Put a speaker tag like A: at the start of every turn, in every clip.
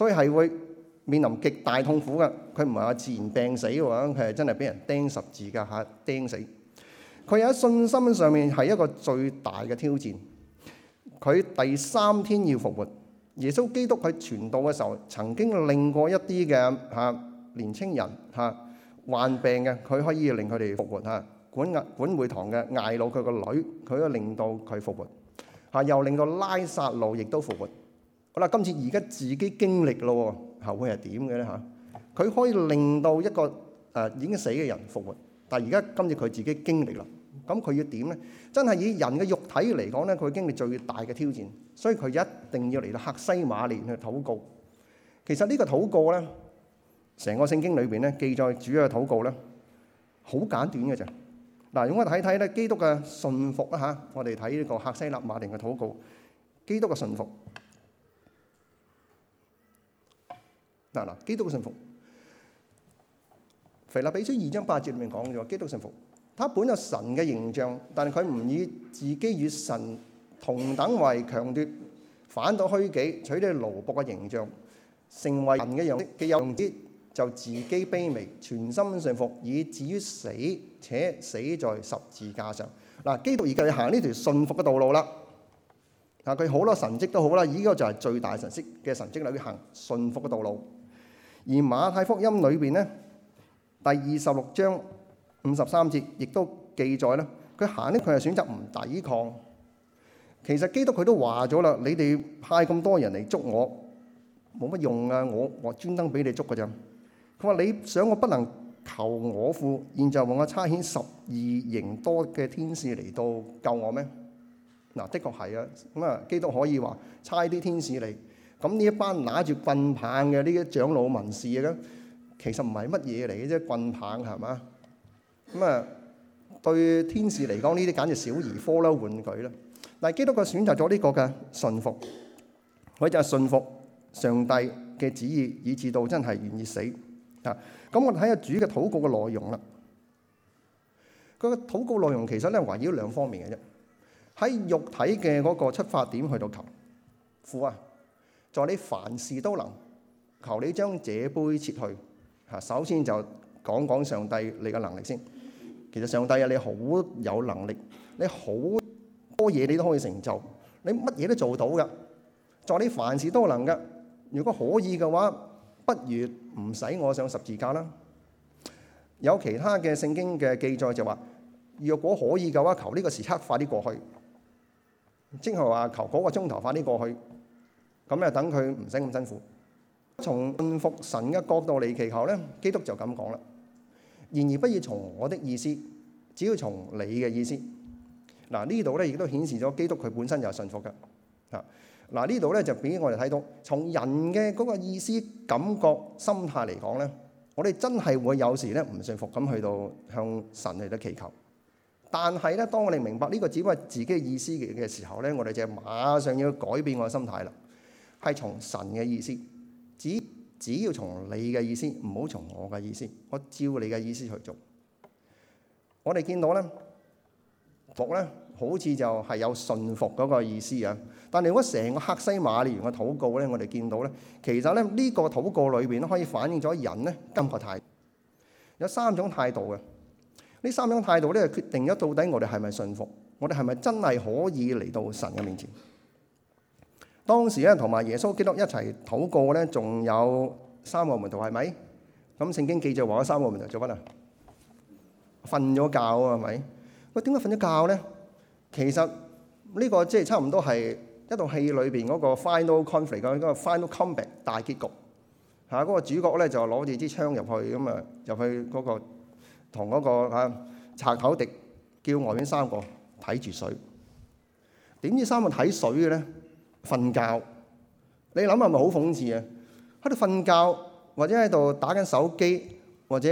A: 所以係會面臨極大痛苦嘅，佢唔係話自然病死喎，佢係真係俾人釘十字架㗎，釘死。佢喺信心上面係一個最大嘅挑戰。佢第三天要復活。耶穌基督喺傳道嘅時候曾經令過一啲嘅吓年青人吓患病嘅，佢可以令佢哋復活吓。管管會堂嘅睚魯佢個女，佢都令到佢復活吓，又令到拉撒路亦都復活。嗱，今次而家自己經歷咯，後悔係點嘅咧？嚇佢可以令到一個誒已經死嘅人復活，但係而家今次佢自己經歷啦，咁佢要點咧？真係以人嘅肉體嚟講咧，佢經歷最大嘅挑戰，所以佢一定要嚟到客西馬尼去禱告。其實呢個禱告咧，成個聖經裏邊咧記載主要嘅禱告咧，好簡短嘅啫。嗱，我睇睇咧，基督嘅順服啦嚇，我哋睇呢個客西拿馬尼嘅禱告，基督嘅順服。嗱嗱，基督嘅信服，腓立比書二章八節裏面講咗，基督嘅信服，他本有神嘅形象，但係佢唔以自己與神同等為強奪，反到虛己，取啲奴僕嘅形象，成為人嘅樣式。既有良知，就自己卑微，全心信服，以至於死，且死在十字架上。嗱，基督而家要行呢條信服嘅道路啦。嗱，佢好多神蹟都好啦，呢個就係最大神蹟嘅神蹟啦，要行信服嘅道路。而馬太福音裏邊咧，第二十六章五十三節，亦都記載啦。佢行咧，佢係選擇唔抵抗。其實基督佢都話咗啦，你哋派咁多人嚟捉我，冇乜用啊！我，我專登俾你捉嘅啫。佢話你想我不能求我父，現在為我差遣十二營多嘅天使嚟到救我咩？嗱、啊，的確係啊。咁啊，基督可以話差啲天使嚟。咁呢一班拿住棍棒嘅呢啲長老文士啊，咁其實唔係乜嘢嚟嘅啫，棍棒係嘛咁啊？對天使嚟講，呢啲簡直小兒科啦，玩具啦。但係基督教選擇咗呢個嘅順服，佢就係順服上帝嘅旨意，以致到真係願意死啊。咁我睇下主嘅禱告嘅內容啦。佢嘅禱告內容其實咧係圍繞兩方面嘅啫，喺肉體嘅嗰個出發點去到求富啊。在你凡事都能，求你將這杯撤去。嚇，首先就講講上帝你嘅能力先。其實上帝啊，你好有能力，你好多嘢你都可以成就，你乜嘢都做到㗎，在你凡事都能㗎。如果可以嘅話，不如唔使我上十字架啦。有其他嘅聖經嘅記載就話，若果可以嘅話，求呢個時刻快啲過去。即係話求嗰個鐘頭快啲過去。咁又等佢唔使咁辛苦。從順服神嘅角度嚟祈求咧，基督就咁講啦。然而不要從我的意思，只要從你嘅意思。嗱，呢度咧亦都顯示咗基督佢本身就係順服嘅。啊，嗱呢度咧就俾我哋睇到，從人嘅嗰個意思、感覺、心態嚟講咧，我哋真係會有時咧唔順服咁去到向神嚟到祈求。但係咧，當我哋明白呢個只不過係自己嘅意思嘅時候咧，我哋就馬上要改變我嘅心態啦。係從神嘅意思，只只要從你嘅意思，唔好從我嘅意思，我照你嘅意思去做。我哋見到咧，服咧好似就係有信服嗰個意思啊！但係如果成個客西馬尼園嘅禱告咧，我哋見到咧，其實咧呢、這個禱告裏邊咧可以反映咗人咧今個態度，有三種態度嘅。呢三種態度咧決定咗到底我哋係咪信服，我哋係咪真係可以嚟到神嘅面前。當時咧，同埋耶穌基督一齊禱告咧，仲有三個門徒係咪？咁聖經記著話咗三個門徒做乜啊？瞓咗覺啊，係咪喂？點解瞓咗覺咧？其實呢、這個即係差唔多係一套戲裏邊嗰個 final conflict 嗰個 final combat 大結局嚇嗰，那個主角咧就攞住支槍入去咁，那個那個、啊入去嗰個同嗰個拆口迪叫外面三個睇住水，點知三個睇水嘅咧？瞓覺，你諗係咪好諷刺啊？喺度瞓覺，或者喺度打緊手機，或者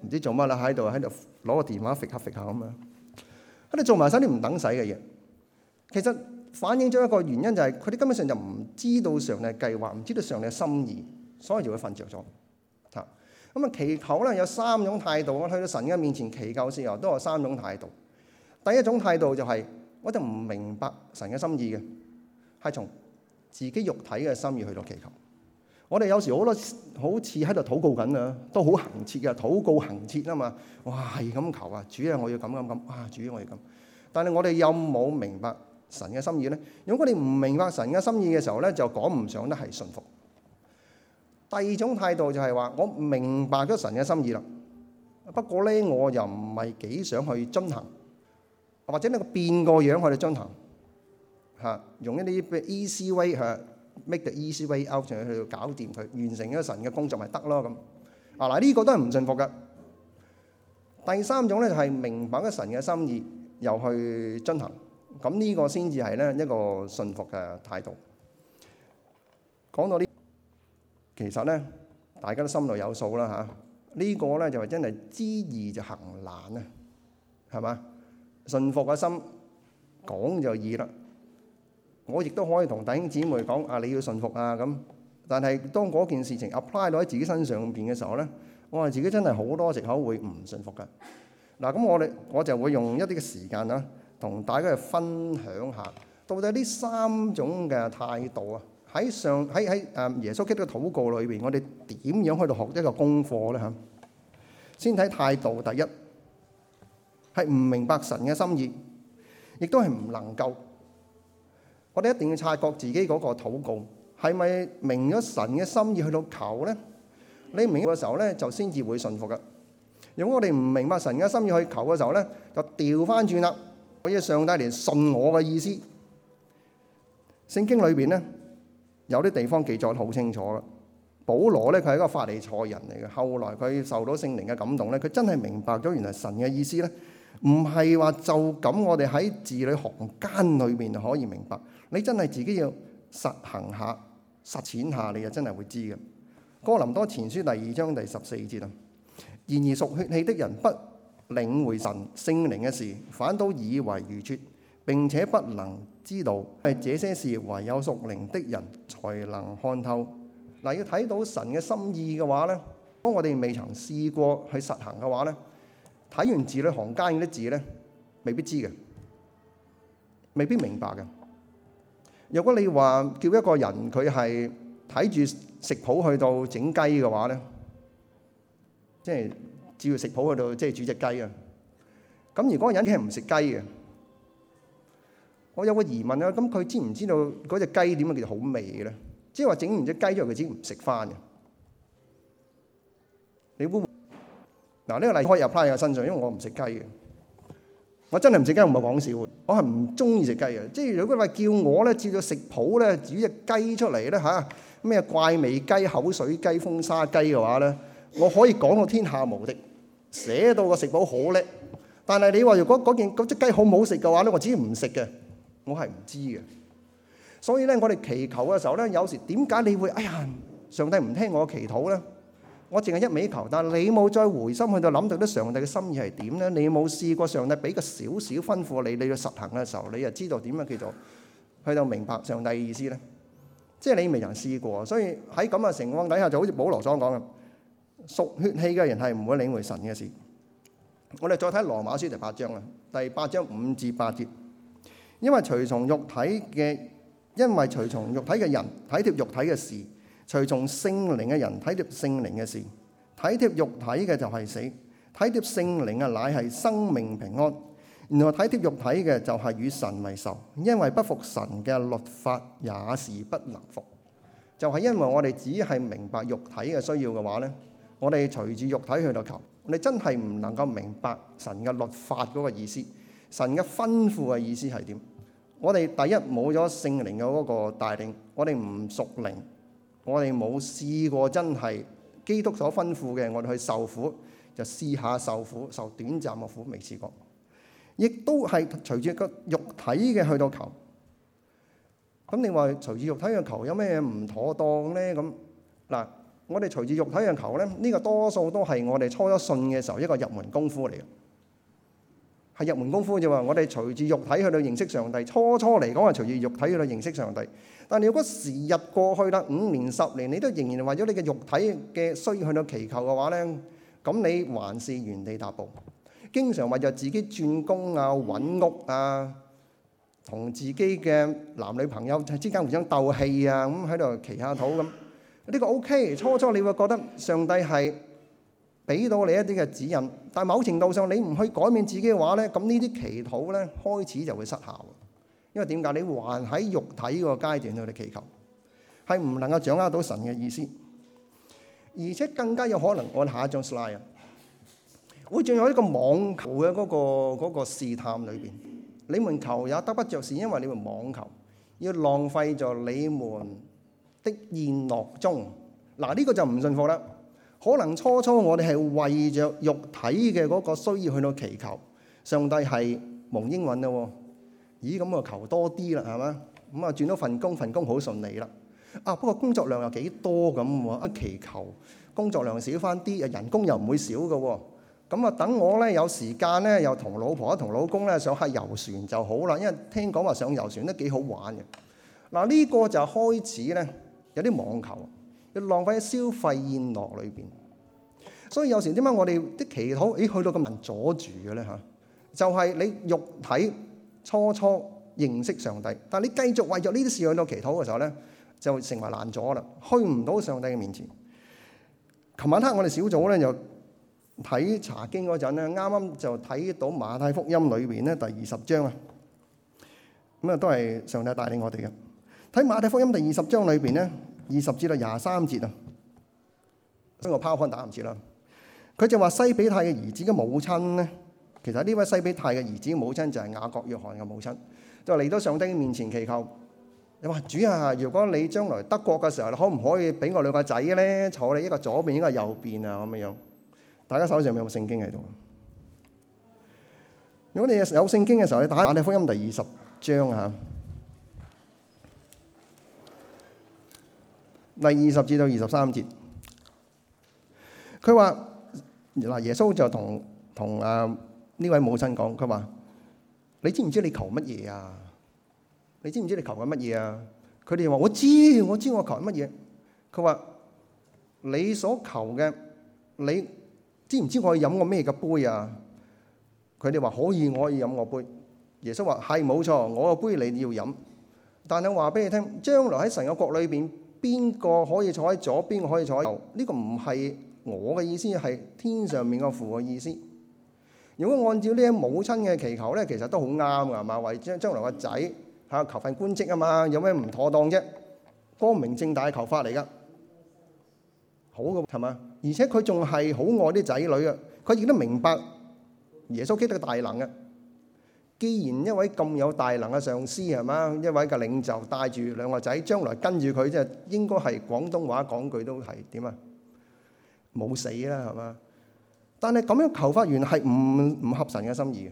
A: 唔知做乜啦，喺度喺度攞個電話揈下揈下咁樣。喺度做埋晒啲唔等使嘅嘢，其實反映咗一個原因就係佢哋根本上就唔知道上帝嘅計劃，唔知道上帝嘅心意，所以就會瞓着咗。嚇咁啊！祈求咧有三種態度，我去到神嘅面前祈求嘅時候都有三種態度。第一種態度就係，我就唔明白神嘅心意嘅。係從自己肉體嘅心意去到祈求，我哋有時好多好似喺度禱告緊啊，都好行切嘅禱告行切啊嘛，哇係咁求啊，主啊我要咁咁咁，啊主我要咁，但係我哋有冇明白神嘅心意咧？如果你唔明白神嘅心意嘅時候咧，就講唔上得係順服。第二種態度就係話，我明白咗神嘅心意啦，不過咧我又唔係幾想去遵行，或者呢個變個樣去到遵行。嚇，用一啲 easy way 嚇，make the easy way out，仲要去到搞掂佢，完成一個神嘅工作咪得咯咁。啊嗱，呢個都係唔信服㗎。第三種咧就係明白咗神嘅心意，又去進行，咁呢個先至係咧一個信服嘅態度。講到呢，其實咧大家都心內有數啦嚇。呢個咧就係真係知易就行難啊，係嘛？信服嘅心講就易啦。我亦都可以同弟兄姊妹講啊，你要信服啊咁。但係當嗰件事情 apply 落喺自己身上邊嘅時候咧，我話自己真係好多時候會唔信服㗎。嗱，咁我哋我就會用一啲嘅時間啦，同大家去分享下，到底呢三種嘅態度啊，喺上喺喺誒耶穌基督嘅禱告裏邊，我哋點樣去到學一個功課咧嚇？先睇態度，第一係唔明白神嘅心意，亦都係唔能夠。我哋一定要察覺自己嗰個禱告係咪明咗神嘅心意去到求咧？你明嘅時候咧，就先至會順服嘅。如果我哋唔明白神嘅心意去求嘅時候咧，就調翻轉啦。我要上帝嚟順我嘅意思。聖經裏邊咧，有啲地方記載得好清楚嘅。保羅咧，佢係一個法利賽人嚟嘅，後來佢受到聖靈嘅感動咧，佢真係明白咗原來神嘅意思咧，唔係話就咁我哋喺字裏行間裏邊可以明白。你真係自己要實行下、實踐下，你就真係會知嘅。哥林多前書第二章第十四節啊，然而屬血氣的人不領會神聖靈嘅事，反倒以為愚拙，並且不能知道，係這些事唯有屬靈的人才能看透。嗱，要睇到神嘅心意嘅話呢，當我哋未曾試過去實行嘅話呢，睇完字裏行間嗰啲字呢，未必知嘅，未必明白嘅。如果你話叫一個人佢係睇住食譜去到整雞嘅話咧，即係照食譜去到即係煮隻雞啊。咁如果嗰人佢係唔食雞嘅，我有個疑問啦。咁佢知唔知道嗰隻雞點樣叫好味嘅咧？即係話整完隻雞之後佢先唔食翻嘅。你會唔？嗱、這、呢個例可以 apply 返喺我身上，因為我唔食雞嘅。我真係唔食雞，唔係講笑。我係唔中意食雞嘅，即係如果話叫我咧照住食譜咧煮隻雞出嚟咧吓咩怪味雞、口水雞、風沙雞嘅話咧，我可以講到天下無敵，寫到個食譜好叻。但係你話，如果嗰件嗰隻雞好唔好食嘅話咧，我自己唔食嘅，我係唔知嘅。所以咧，我哋祈求嘅時候咧，有時點解你會哎呀，上帝唔聽我祈禱咧？我淨係一味求，但係你冇再回心去到諗到啲上帝嘅心意係點咧？你冇試過上帝俾個少少吩咐你，你要實行嘅時候，你又知道點樣叫做去到明白上帝嘅意思咧？即係你未曾試過，所以喺咁嘅情況底下，就好似保羅所講嘅：「屬血氣嘅人係唔會領會神嘅事。」我哋再睇羅馬書第八章啊，第八章五至八節，因為隨從肉體嘅，因為隨從肉體嘅人，體貼肉體嘅事。隨從聖靈嘅人體貼聖靈嘅事，體貼肉體嘅就係死；體貼聖靈啊，乃係生命平安。然後體貼肉體嘅就係與神為仇，因為不服神嘅律法也是不能服。就係、是、因為我哋只係明白肉體嘅需要嘅話呢我哋隨住肉體去到求，我哋真係唔能夠明白神嘅律法嗰個意思，神嘅吩咐嘅意思係點？我哋第一冇咗聖靈嘅嗰個帶領，我哋唔屬靈。我哋冇試過真係基督所吩咐嘅，我哋去受苦就試下受苦，受短暫嘅苦未試過，亦都係隨住個肉體嘅去到求。咁你話隨住肉體嘅求有咩唔妥當咧？咁嗱，我哋隨住肉體嘅求咧，呢，呢個多數都係我哋初一信嘅時候一個入門功夫嚟嘅。係入門功夫啫嘛！我哋隨住肉體去到認識上帝，初初嚟講係隨住肉體去到認識上帝。但係如果時日過去啦，五年十年，你都仍然係為咗你嘅肉體嘅需要去到祈求嘅話咧，咁你還是原地踏步，經常為咗自己轉工啊、揾屋啊，同自己嘅男女朋友之間互相鬥氣啊，咁喺度祈下禱咁，呢個 OK。初初你會覺得上帝係～俾到你一啲嘅指引，但係某程度上你唔去改變自己嘅話咧，咁呢啲祈禱咧，開始就會失效。因為點解？你還喺肉體個階段去嚟祈求，係唔能夠掌握到神嘅意思，而且更加有可能按下一張 slide 啊，會仲有一個網球嘅嗰個嗰個試探裏邊，你們求也得不著，是因為你們網球要浪費在你們的宴樂中。嗱，呢個就唔信服啦。可能初初我哋係為着肉體嘅嗰個需要去到祈求，上帝係蒙應允啦喎！咦，咁啊求多啲啦，係嘛？咁啊轉咗份工，份工好順利啦。啊，不過工作量又幾多咁喎？一、啊、祈求工作量少翻啲，人工又唔會少嘅喎。咁啊，等我咧有時間咧，又同老婆同老公咧上下遊船就好啦。因為聽講話上遊船都幾好玩嘅。嗱、啊，呢、呢個就開始咧有啲妄求。浪費喺消費宴樂裏邊，所以有時點解我哋啲祈禱誒去到咁難阻住嘅咧吓？就係你肉體初初認識上帝，但係你繼續為咗呢啲事去到祈禱嘅時候咧，就成為難阻啦，去唔到上帝嘅面前。琴晚黑我哋小組咧又睇查經嗰陣咧，啱啱就睇到馬太福音裏邊咧第二十章啊，咁啊都係上帝帶領我哋嘅。睇馬太福音第二十章裏邊咧。二十至到廿三節啊，所以我 powerpoint 打唔切啦。佢就話西比泰嘅兒子嘅母親咧，其實呢位西比泰嘅兒子母親就係雅各約翰嘅母親，就嚟到上帝面前祈求。你話主啊，如果你將來得國嘅時候，你可唔可以俾我兩個仔咧坐你一個左邊，一個右邊啊咁嘅樣？大家手上有冇聖經喺度？如果你有聖經嘅時候，你打馬太福音第二十章啊。第二十至到二十三節，佢話嗱，耶穌就同同啊呢位母親講，佢話：你知唔知你求乜嘢啊？你知唔知你求緊乜嘢啊？佢哋話：我知，我知，我求乜嘢？佢話：你所求嘅，你知唔知我可以飲我咩嘅杯啊？佢哋話可以，我可以飲我杯。耶穌話：係冇錯，我嘅杯你要飲，但係話俾你聽，將來喺神嘅國裏邊。邊個可以坐喺左邊，可以坐喺右？呢、這個唔係我嘅意思，係天上面個父嘅意思。如果按照呢啲母親嘅祈求咧，其實都好啱噶，係嘛，為將將來個仔吓求份官職啊嘛，有咩唔妥當啫？光明正大嘅求法嚟噶，好噶係嘛，而且佢仲係好愛啲仔女啊，佢亦都明白耶穌基督嘅大能啊。既然一位咁有大能嘅上司係嘛，一位嘅領袖帶住兩個仔，將來跟住佢，即係應該係廣東話講句都係點啊？冇死啦係嘛？但係咁樣求法原來係唔唔合神嘅心意，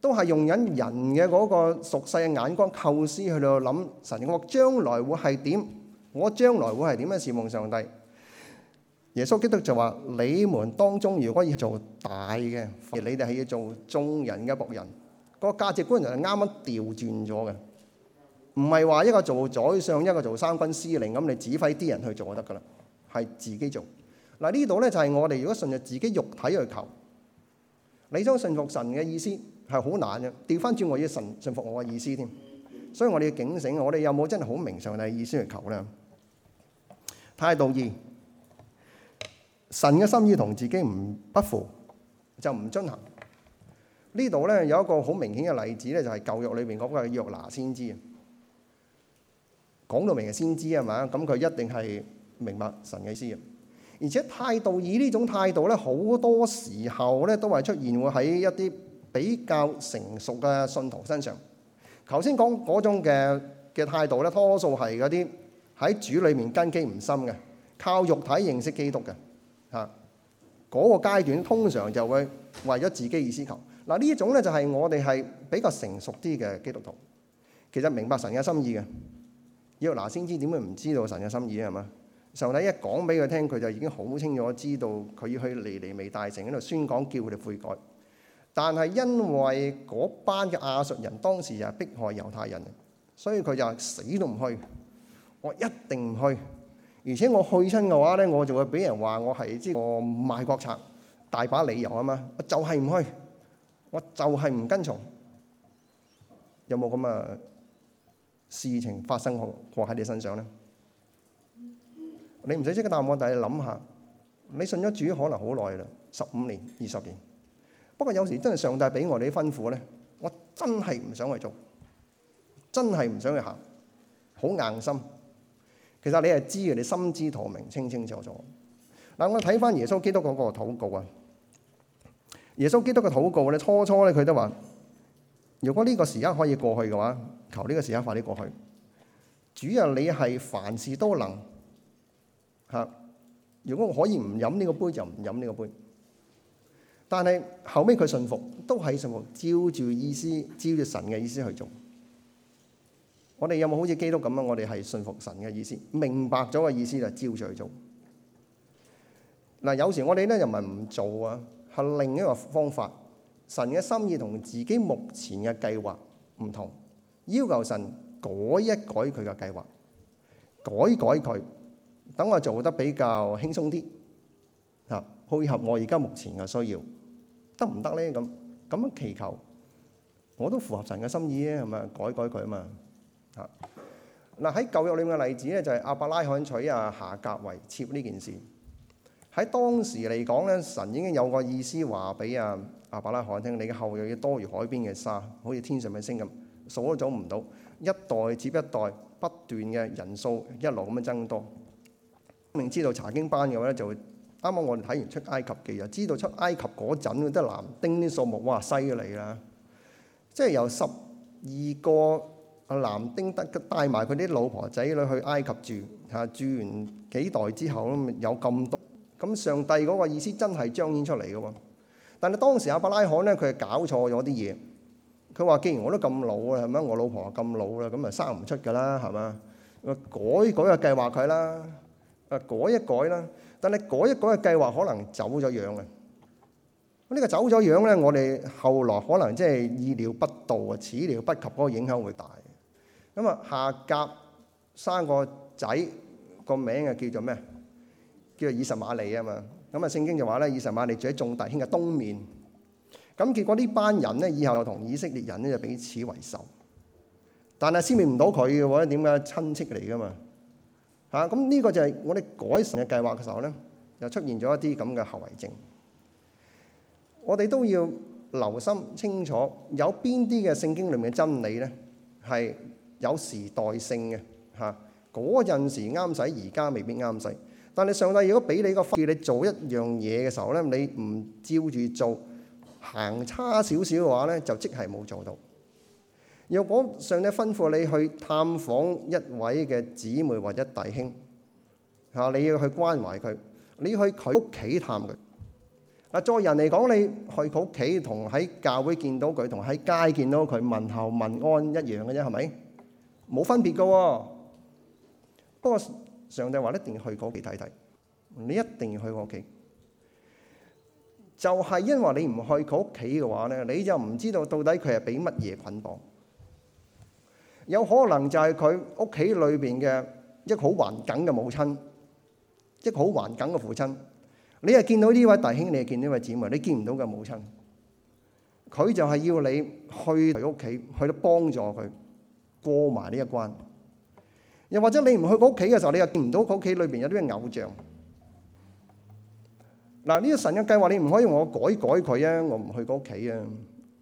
A: 都係用緊人嘅嗰個俗世嘅眼光構思去度諗神我。我將來會係點，我將來會係點樣侍奉上帝。耶穌基督就話，你們當中如果要做大嘅，而你哋係要做眾人嘅僕人。個價值觀就係啱啱調轉咗嘅，唔係話一個做宰相，一個做三軍司令咁，你指揮啲人去做就得噶啦，係自己做。嗱、啊、呢度咧就係、是、我哋如果順着自己肉體去求，你想信服神嘅意思係好難嘅，調翻轉我要神信服我嘅意思添。所以我哋要警醒，我哋有冇真係好明神嘅意思去求咧？態度二，神嘅心意同自己唔不符，就唔遵行。呢度咧有一個好明顯嘅例子咧，就係舊約裏邊講嘅約拿先知啊。講到明嘅先知係嘛？咁，佢一定係明白神嘅意思，而且態度以呢種態度咧，好多時候咧都係出現會喺一啲比較成熟嘅信徒身上。頭先講嗰種嘅嘅態度咧，多數係嗰啲喺主裏面根基唔深嘅，靠肉體認識基督嘅嚇嗰個階段，通常就會為咗自己意思求。嗱，種呢一種咧就係、是、我哋係比較成熟啲嘅基督徒，其實明白神嘅心意嘅。約拿先知點會唔知道神嘅心意啊？係嘛？上帝一講俾佢聽，佢就已經好清楚知道佢要去尼尼微大城嗰度宣講，叫佢哋悔改。但係因為嗰班嘅亞述人當時就係迫害猶太人，所以佢就死都唔去。我一定唔去，而且我去親嘅話咧，我就會俾人話我係即係個賣國賊，大把理由啊嘛。我就係唔去。我就係唔跟從，有冇咁嘅事情發生過喺你身上咧？你唔使即刻答我，但係你諗下，你信咗主可能好耐啦，十五年、二十年。不過有時真係上帝俾我哋啲吩咐咧，我真係唔想去做，真係唔想去行，好硬心。其實你係知嘅，你心知肚明，清清楚楚。嗱，我睇翻耶穌基督嗰個禱告啊。耶穌基督嘅禱告咧，初初咧佢都話：如果呢個時間可以過去嘅話，求呢個時間快啲過去。主啊，你係凡事都能吓。如果我可以唔飲呢個杯，就唔飲呢個杯。但係後尾，佢信服，都係信服，照住意思，照住神嘅意思去做。我哋有冇好似基督咁啊？我哋係信服神嘅意思，明白咗個意思，就照住去做。嗱、嗯，有時我哋咧又唔係唔做啊。係另一個方法，神嘅心意同自己目前嘅計劃唔同，要求神改一改佢嘅計劃，改改佢，等我做得比較輕鬆啲，啊，配合我而家目前嘅需要，得唔得咧？咁咁樣祈求，我都符合神嘅心意啊，係咪？改改佢啊嘛，啊，嗱喺舊約裏面嘅例子咧，就係、是、阿伯拉罕娶啊夏格為妾呢件事。喺當時嚟講咧，神已經有個意思話俾啊阿伯拉罕聽：你嘅後裔要多如海邊嘅沙，好似天上嘅星咁，數都數唔到。一代接一代不斷嘅人數一路咁樣增多。明知道查經班嘅話咧，就啱啱我哋睇完出埃及記啊，知道出埃及嗰陣啲藍丁啲數目哇，犀利啦！即係有十二個啊藍丁得帶埋佢啲老婆仔女去埃及住嚇，住完幾代之後有咁多。咁上帝嗰個意思真係彰顯出嚟嘅喎，但係當時亞伯拉罕咧，佢係搞錯咗啲嘢。佢話：既然我都咁老啦，係咪？我老婆又咁老啦，咁咪生唔出㗎啦，係嘛？改改個計劃佢啦，改一改啦。但係改一改嘅計劃可能走咗樣啊！呢個走咗樣咧，我哋後來可能即係意料不到啊，始料不及嗰個影響會大。咁啊，夏甲生個仔個名啊，叫做咩？叫做以實瑪利啊嘛，咁啊聖經就話咧，以實瑪利住喺眾弟兄嘅東面。咁結果呢班人咧，以後就同以色列人咧就彼此為仇，但係消滅唔到佢嘅，點解親戚嚟噶嘛？嚇，咁呢個就係我哋改神嘅計劃嘅時候咧，又出現咗一啲咁嘅後遺症。我哋都要留心清楚，有邊啲嘅聖經裡面嘅真理咧係有時代性嘅嚇，嗰、啊、陣時啱使，而家未必啱使。但係上帝如果俾你個吩咐你做一樣嘢嘅時候咧，你唔照住做，行差少少嘅話咧，就即係冇做到。若果上帝吩咐你去探訪一位嘅姊妹或者弟兄嚇，你要去關懷佢，你要去佢屋企探佢。嗱，作為人嚟講，你去佢屋企同喺教會見到佢，同喺街見到佢問候問安一樣嘅啫，係咪？冇分別㗎喎。不過，上帝話：一定要去佢屋企睇睇，你一定要去我屋企。就係因為你唔去佢屋企嘅話咧，你就唔知道到底佢係俾乜嘢捆綁。有可能就係佢屋企裏邊嘅一個好環境嘅母親，一個好環境嘅父親。你係見到呢位弟兄，你係見呢位姊妹，你見唔到嘅母親。佢就係要你去佢屋企，去到幫助佢過埋呢一關。又或者你唔去佢屋企嘅時候，你又見唔到佢屋企裏邊有啲嘅偶像嗱。呢個神嘅計劃，你唔可以用我改改佢啊！我唔去佢屋企啊，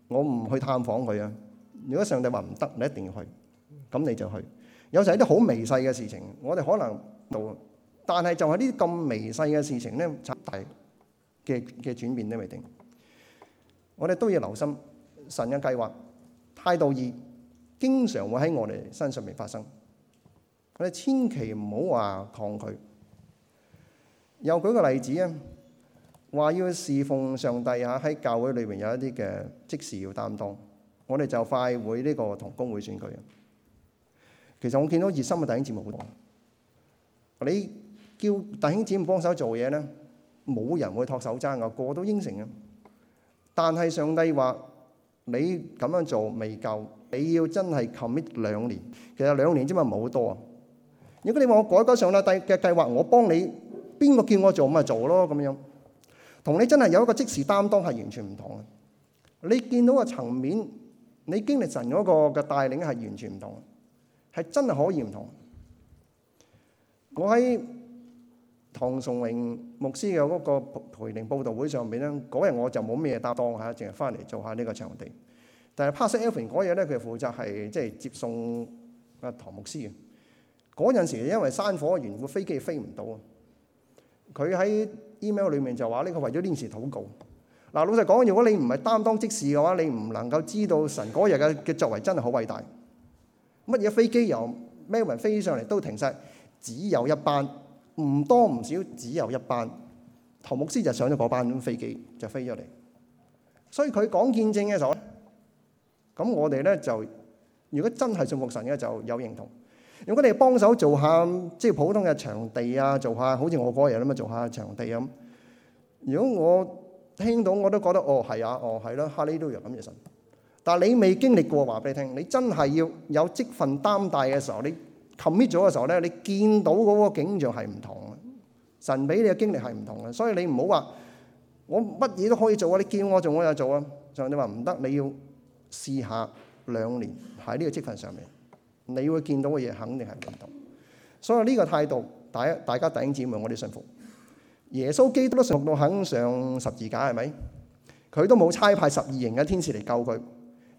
A: 我唔去探訪佢啊。如果上帝話唔得，你一定要去，咁你就去。有時係啲好微細嘅事情，我哋可能到。但係就係呢啲咁微細嘅事情咧，就大嘅嘅轉變都未定。我哋都要留心神嘅計劃態度二，經常會喺我哋身上面發生。我哋千祈唔好話抗拒。又舉個例子啊，話要侍奉上帝啊，喺教會裏面有一啲嘅職事要擔當。我哋就快會呢個同工會選舉啊。其實我見到熱心嘅弟兄姊妹好多。你叫弟兄姊妹幫手做嘢咧，冇人會托手踭噶，個個都應承嘅。但係上帝話你咁樣做未夠，你要真係 commit 兩年。其實兩年之嘛唔好多啊。如果你話我改革上啦，第嘅計劃我幫你，邊個叫我做咁咪做咯。咁樣，同你真係有一個即時擔當係完全唔同嘅。你見到嘅層面，你經歷神嗰個嘅帶領係完全唔同，係真係可以唔同。我喺唐崇榮牧師嘅嗰個培靈佈道會上邊咧，嗰日我就冇咩嘢搭檔吓，淨係翻嚟做下呢個場地。但係 Pastor Elvin 嗰日咧，佢負責係即係接送阿唐牧師嘅。嗰陣時，因為山火緣故，飛機飛唔到啊！佢喺 email 裏面就話：呢個為咗呢件事禱告。嗱，老實講，如果你唔係擔當即事嘅話，你唔能夠知道神嗰日嘅嘅作為真係好偉大。乜嘢飛機由咩人飛上嚟都停晒，只有一班，唔多唔少，只有一班。陶牧師就上咗嗰班飛機，就飛咗嚟。所以佢講見證嘅時候咧，咁我哋咧就，如果真係信服神嘅就有認同。如果你幫手做下即係普通嘅場地啊，做下好似我個人咁啊，做下場地咁。如果我聽到我都覺得，哦係啊，哦係囉，哈利路亞嘅神。但係你未經歷過，話俾你聽，你真係要有職分擔大嘅時候，你 commit 咗嘅時候咧，你見到嗰個景象係唔同嘅，神俾你嘅經歷係唔同嘅。所以你唔好話我乜嘢都可以做啊！你叫我做我又做啊。就你話唔得，你要試下兩年喺呢個職分上面。你會見到嘅嘢肯定係唔同，所以呢個態度，大家大家弟兄姊妹，我哋信服耶穌基督都信服到肯上十字架，係咪？佢都冇差派十二營嘅天使嚟救佢，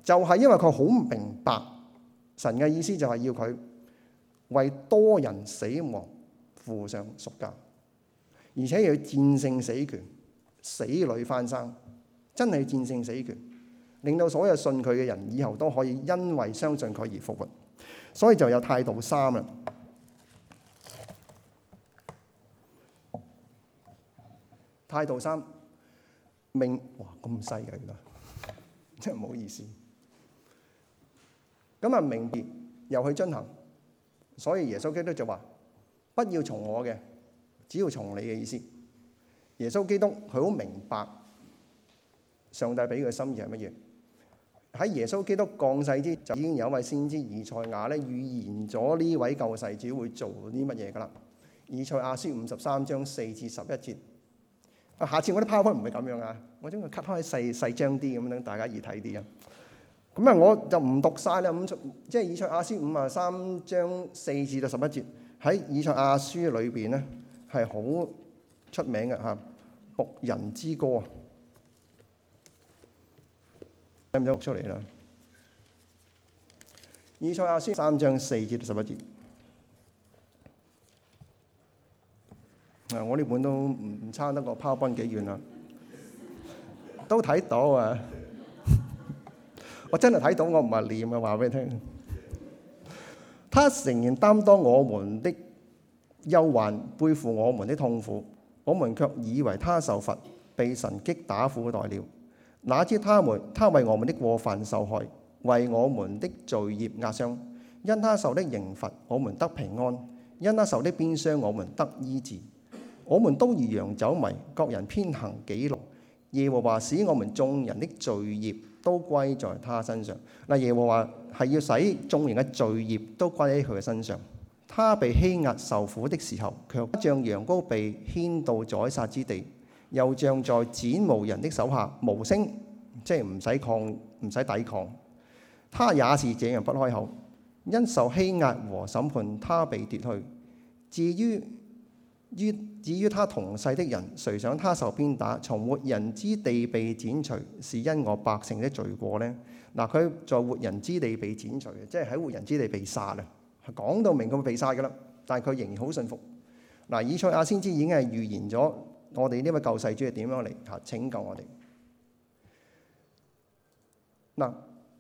A: 就係、是、因為佢好唔明白神嘅意思，就係要佢為多人死亡，付上贖價，而且要戰勝死權，死裡翻生，真係戰勝死權，令到所有信佢嘅人以後都可以因為相信佢而復活。所以就有態度三啦。態度三，命哇咁細嘅，真係唔好意思。咁啊，明別又去進行，所以耶穌基督就話：不要從我嘅，只要從你嘅意思。耶穌基督佢好明白上帝俾佢嘅心意係乜嘢。喺耶穌基督降世之就已經有一位先知以賽亞咧預言咗呢位救世主會做啲乜嘢噶啦。以賽亞書五十三章四至十一節。啊，下次我啲 powerpoint 唔係咁樣啊，我將佢 cut 開細細張啲咁樣，大家易睇啲啊。咁、嗯、啊，我就唔讀晒啦。五、嗯、即係以賽亞書五啊三章四至到十一節，喺以賽亞書裏邊咧係好出名嘅嚇，僕、啊、人之歌啊！三章出嚟啦。二賽亞書三章四至十一節。啊，我呢本都唔唔差得個拋崩幾遠啦，都睇到啊！ 我真係睇到我，我唔係念嘅話俾你聽。他誠然擔當我們的憂患，背負我們的痛苦，我們卻以為他受罰，被神擊打苦待了。哪知他們，他為我們的過犯受害，為我們的罪孽壓傷。因他受的刑罰，我們得平安；因他受的鞭傷，我們得醫治。我們都如羊走迷，各人偏行己路。耶和華使我們眾人的罪孽都歸在他身上。嗱，耶和華係要使眾人嘅罪孽都歸喺佢嘅身上。他被欺壓受苦的時候，却不像羊羔被牽到宰殺之地。又像在剪毛人的手下，無聲，即係唔使抗，唔使抵抗。他也是這樣不開口，因受欺壓和審判，他被奪去。至於於至於他同世的人，誰想他受鞭打，從活人之地被剪除，是因我百姓的罪過呢。嗱、嗯，佢在活人之地被剪除，即係喺活人之地被殺啦。講到明，佢被殺噶啦，但係佢仍然好信服。嗱、嗯，以賽亞先知已經係預言咗。我哋呢位救世主係點樣嚟嚇拯救我哋？嗱，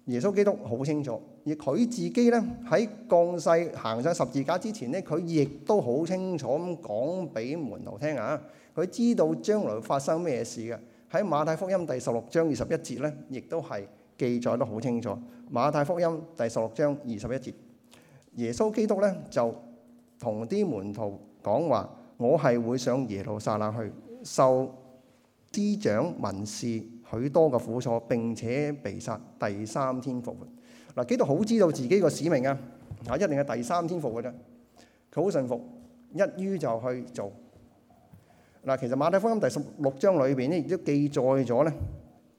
A: 耶穌基督好清楚，而佢自己咧喺降世行上十字架之前咧，佢亦都好清楚咁講俾門徒聽啊！佢知道將來發生咩事嘅。喺馬太福音第十六章二十一節咧，亦都係記載得好清楚。馬太福音第十六章二十一節，耶穌基督咧就同啲門徒講話：我係會上耶路撒冷去。受司長文士許多嘅苦楚，並且被殺，第三天復活嗱。基督好知道自己個使命啊，吓一定係第三天復活啫。佢好信服，一於就去做嗱。其實馬太福音第十六章裏邊咧亦都記載咗咧，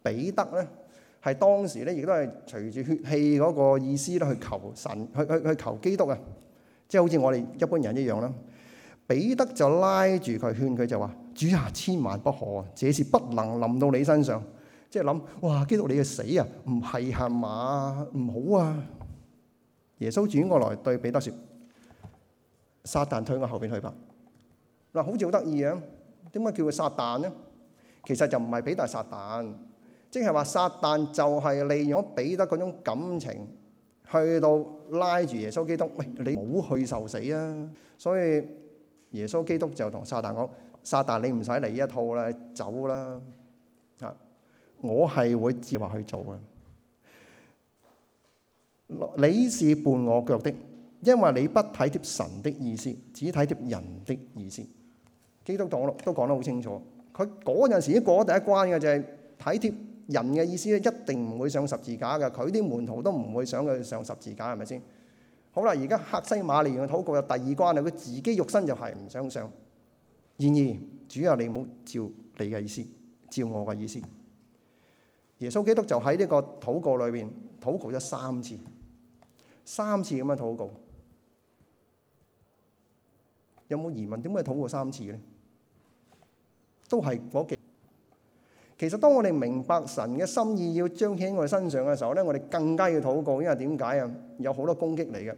A: 彼得咧係當時咧亦都係隨住血氣嗰個意思咧去求神去去去求基督啊，即係好似我哋一般人一樣啦。彼得就拉住佢，勸佢就話。主啊，千萬不可！這事不能臨到你身上，即係諗哇！基督你嘅死啊，唔係啊嘛，唔好啊！耶穌轉過來對彼得説：撒但，退我後邊去吧！嗱，好似好得意啊！點解叫佢撒但咧？其實就唔係彼得撒但，即係話撒但就係利用彼得嗰種感情，去到拉住耶穌基督。喂，你唔好去受死啊！所以耶穌基督就同撒但講。撒但，你唔使嚟呢一套啦，走啦！啊，我係會自話去做嘅。你是絆我腳的，因為你不體貼神的意思，只體貼人的意思。基督徒都講得好清楚，佢嗰陣時已經過咗第一關嘅，就係體貼人嘅意思咧，一定唔會上十字架嘅。佢啲門徒都唔會想佢上十字架，係咪先？好啦，而家客西馬尼園嘅禱告啊，第二關啦，佢自己肉身就係唔想上。然而，主啊，你唔好照你嘅意思，照我嘅意思。耶穌基督就喺呢個禱告裏邊禱告咗三次，三次咁樣禱告。有冇疑問？點解禱告三次咧？都係嗰幾。其實當我哋明白神嘅心意要彰顯喺我哋身上嘅時候咧，我哋更加要禱告，因為點解啊？有好多攻擊嚟嘅。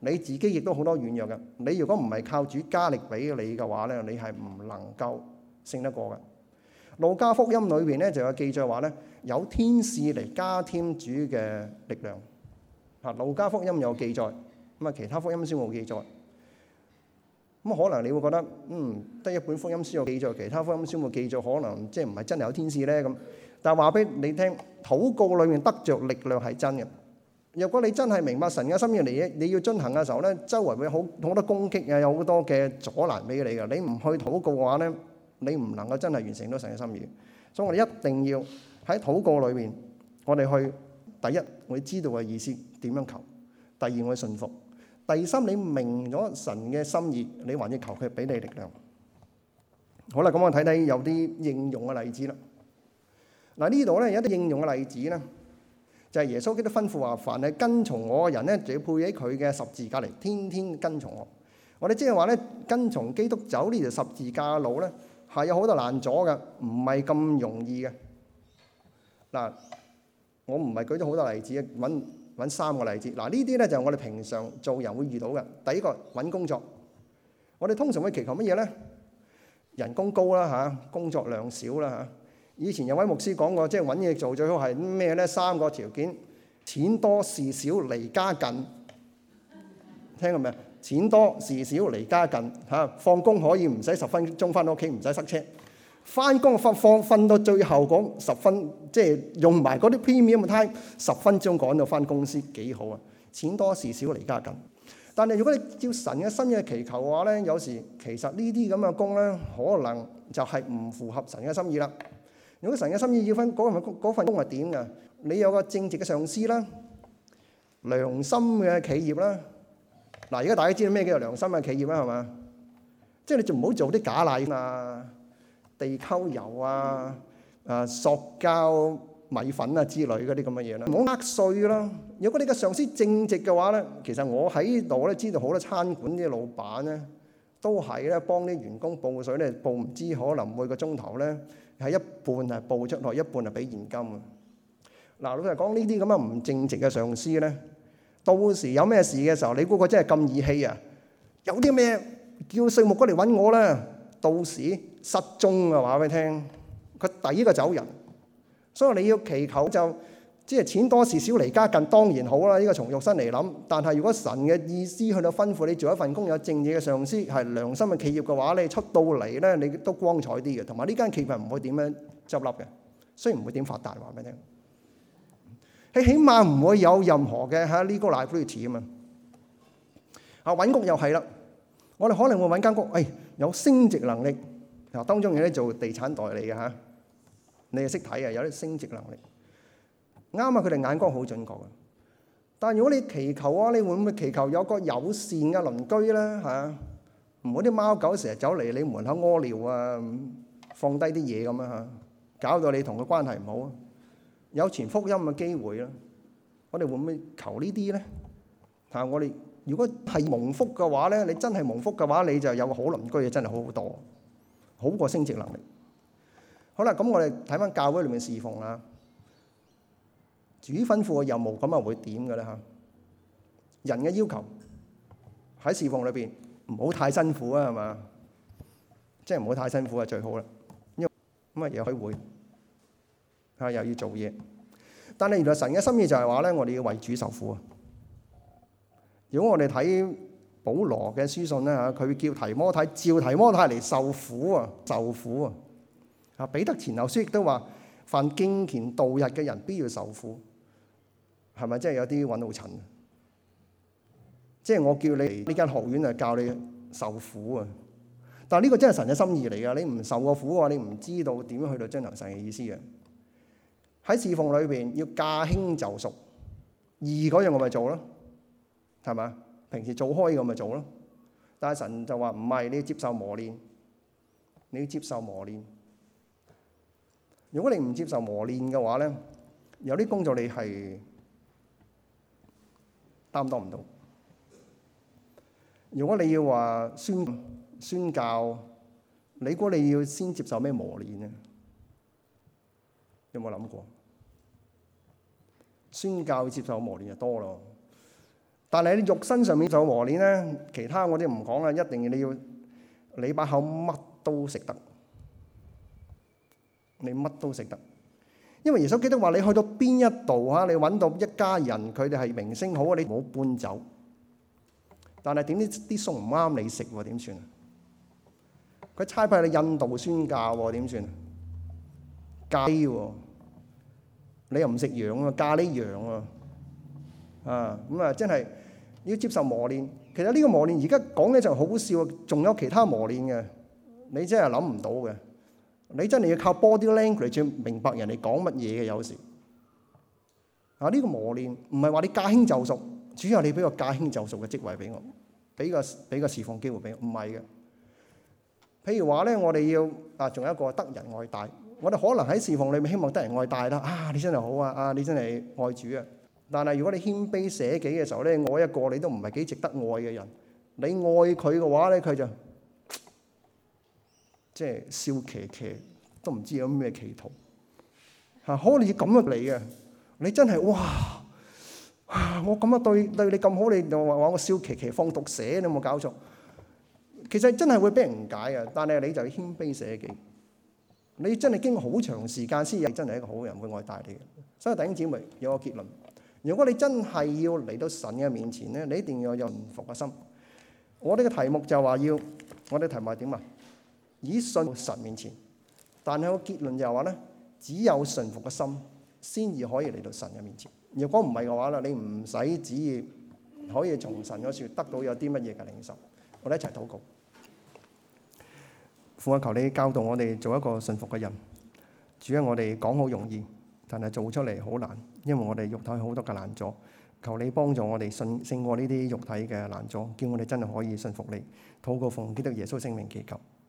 A: 你自己亦都好多軟弱嘅，你如果唔係靠主加力俾你嘅話咧，你係唔能夠勝得過嘅。路加福音裏邊咧就有記載話咧，有天使嚟加添主嘅力量。啊，路加福音有記載，咁啊其他福音書冇記載。咁可能你會覺得，嗯，得一本福音書有記載，其他福音書冇記載，可能即係唔係真係有天使咧咁。但係話俾你聽，禱告裏面得着力量係真嘅。若果你真係明白神嘅心意嚟嘅，你要進行嘅時候咧，周圍會好好多攻擊呀，有好多嘅阻攔俾你嘅。你唔去禱告嘅話咧，你唔能夠真係完成到神嘅心意。所以我哋一定要喺禱告裏面，我哋去第一會知道嘅意思點樣求，第二我信服，第三你明咗神嘅心意，你還要求佢俾你力量。好啦，咁我睇睇有啲應用嘅例子啦。嗱，呢度咧有啲應用嘅例子咧。就係耶穌基督吩咐話：凡係跟從我嘅人咧，就要配喺佢嘅十字架嚟，天天跟從我。我哋即係話咧，跟從基督走呢條十字架路咧，係有好多難阻嘅，唔係咁容易嘅。嗱，我唔係舉咗好多例子，揾揾三個例子。嗱，呢啲咧就係、是、我哋平常做人會遇到嘅。第一個揾工作，我哋通常會祈求乜嘢咧？人工高啦吓，工作量少啦吓。以前有位牧師講過，即係揾嘢做最好係咩咧？三個條件：錢多事少，離家近。聽過未啊？錢多事少，離家近嚇，放工可以唔使十分鐘翻屋企，唔使塞車。翻工放放瞓到最後嗰十分，即係用埋嗰啲 premium time，十分鐘趕到翻公司幾好啊！錢多事少，離家近。但係如果你照神嘅心意嘅祈求嘅話咧，有時其實呢啲咁嘅工咧，可能就係唔符合神嘅心意啦。如果神嘅心意要分嗰份工係點㗎？你有個正直嘅上司啦，良心嘅企業啦。嗱，而家大家知道咩叫做良心嘅企業啦，係嘛？即係你仲唔好做啲假奶啊、地溝油啊、啊塑膠米粉啊之類嗰啲咁嘅嘢啦，唔好呃稅啦。如果你嘅上司正直嘅話咧，其實我喺度咧知道好多餐館啲老闆咧。都係咧，幫啲員工報水咧，報唔知可能每個鐘頭咧，係一半係報出嚟，一半係俾現金啊！嗱，老實講呢啲咁嘅唔正直嘅上司咧，到時有咩事嘅時候，你估佢真係咁義氣啊？有啲咩叫樹木哥嚟揾我啦？到時失蹤啊！話俾你聽，佢第一個走人，所以你要祈求就。即係錢多事少離家近當然好啦，呢、這個從肉身嚟諗。但係如果神嘅意思去到吩咐你做一份工，有正義嘅上司，係良心嘅企業嘅話，你出到嚟咧你都光彩啲嘅。同埋呢間企業唔會點樣執笠嘅，雖然唔會點發達話俾你聽。你起碼唔會有任何嘅嚇呢個 liquidity 啊嘛。啊揾屋又係啦，我哋可能會揾間屋，誒、哎、有升值能力嗱，當中有啲做地產代理嘅嚇，你係識睇啊，有啲升值能力。啱啊！佢哋眼光好準確嘅。但係如果你祈求嘅話，你會唔會祈求有個友善嘅鄰居咧？嚇、啊，唔好啲貓狗成日走嚟你門口屙尿啊，放低啲嘢咁啊嚇，搞到你同佢關係唔好啊。有傳福音嘅機會啦，我哋會唔會求呢啲咧？嚇、啊，我哋如果係蒙福嘅話咧，你真係蒙福嘅話，你就有個好鄰居，真係好好多，好過升值能力。好啦，咁、嗯、我哋睇翻教會裏面侍奉啦。主吩咐嘅有冇咁啊？會點嘅咧嚇？人嘅要求喺侍奉裏邊唔好太辛苦啊，係嘛？即係唔好太辛苦啊，最好啦。因為咁啊，又開會啊，又要做嘢。但係原來神嘅心意就係話咧，我哋要為主受苦啊。如果我哋睇保羅嘅書信咧嚇，佢叫提摩太照提摩太嚟受苦啊，受苦啊。啊，彼得前後書亦都話：凡敬虔度日嘅人必要受苦。係咪？真係有啲揾到襯，即係我叫你嚟呢間學院嚟教你受苦啊！但係呢個真係神嘅心意嚟㗎，你唔受過苦嘅話，你唔知道點樣去到真能神嘅意思啊。喺侍奉裏邊要駕輕就熟，二嗰樣我咪做咯，係嘛？平時做開咁咪做咯。但係神就話唔係，你要接受磨練，你要接受磨練。如果你唔接受磨練嘅話咧，有啲工作你係擔當唔到。如果你要話宣教宣教，你估你要先接受咩磨練咧？有冇諗過？宣教接受磨練就多咯。但係喺肉身上面接受磨練咧，其他我哋唔講啦。一定要你要，你把口乜都食得，你乜都食得。因為耶穌基督話：你去到邊一度啊，你搵到一家人，佢哋係明星好啊，你唔好搬走。但係點知啲餸唔啱你食喎，點算啊？佢差派你印度宣教喎，點算啊？咖喱喎、啊，你又唔食羊啊？咖喱羊啊？啊咁啊，真係要接受磨練。其實呢個磨練，而家講呢就好笑，仲有其他磨練嘅，你真係諗唔到嘅。你真係要靠 body language 先明白人哋講乜嘢嘅，有時啊！呢個磨練唔係話你駕輕就熟，主要係你俾個駕輕就熟嘅職位俾我，俾個俾個侍奉機會俾我，唔係嘅。譬如話咧，我哋要啊，仲有一個得人愛戴，我哋可能喺侍奉裏面希望得人愛戴啦。啊，你真係好啊！啊，你真係愛主啊！但係如果你謙卑捨己嘅時候咧，我一個你都唔係幾值得愛嘅人，你愛佢嘅話咧，佢就～即係笑琪琪，都唔知有咩企圖嚇。可、啊、你咁樣嚟嘅，你真係哇！啊、我咁樣對對你咁好，你又話我笑琪琪放毒蛇，你有冇搞錯？其實真係會俾人誤解嘅，但係你就要謙卑捨己，你真係經好長時間先真係一個好人會愛戴你嘅。所以弟兄姊妹有個結論：如果你真係要嚟到神嘅面前咧，你一定要有順服個心。我哋嘅題目就話要我哋題目係點啊？以信神面前，但係個結論就係話咧，只有信服嘅心，先至可以嚟到神嘅面前。若果唔係嘅話啦，你唔使指望可以從神嗰處得到有啲乜嘢嘅領受。我哋一齊禱告，父啊，求你教導我哋做一個信服嘅人。主啊，我哋講好容易，但係做出嚟好難，因為我哋肉體好多嘅難阻。求你幫助我哋勝勝過呢啲肉體嘅難阻，叫我哋真係可以信服你。禱告奉基督耶穌聖名祈求。